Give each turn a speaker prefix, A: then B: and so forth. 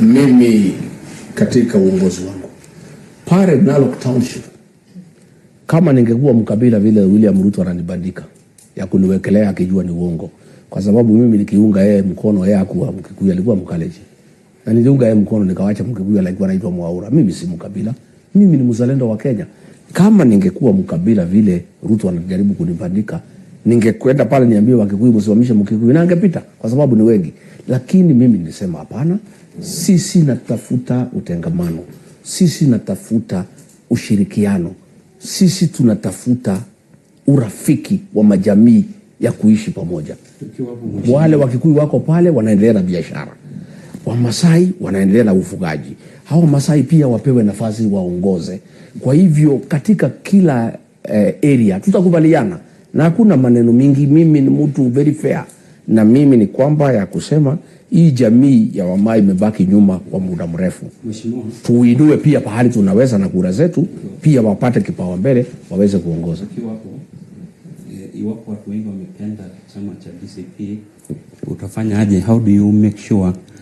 A: mimi katika uongozi wangu pale Narok Township, kama ningekuwa mkabila vile William Ruto ananibandika ya kuniwekelea akijua ni uongo, kwa sababu mimi nikiunga yeye mkono, yeye hakuwa Mkikuyu, alikuwa Mkaleji, na niliunga yeye mkono nikawacha Mkikuyu, alikuwa anaitwa Mwaura. Mimi si mkabila, mimi ni mzalendo wa Kenya. Kama ningekuwa mkabila vile Ruto anajaribu kunibandika, ningekwenda pale niambie Wakikuyu msimamishe Mkikuyu na angepita, kwa sababu ni wengi. Lakini mimi nilisema hapana. Sisi natafuta utengamano, sisi natafuta ushirikiano, sisi tunatafuta urafiki wa majamii ya kuishi pamoja. Wale Wakikuyu wako pale wanaendelea na biashara, Wamasai wanaendelea na ufugaji. Hawa Wamasai pia wapewe nafasi waongoze. Kwa hivyo katika kila eh, area tutakubaliana na hakuna maneno mingi. Mimi ni mtu very fair na mimi ni kwamba ya kusema hii jamii ya Wamaa imebaki nyuma kwa muda mrefu. Tuinue pia pahali tunaweza na kura zetu pia wapate kipao mbele waweze kuongoza.
B: Iwapo eh, watu wengi wamependa chama cha DCP,
C: utafanya aje? How do you make sure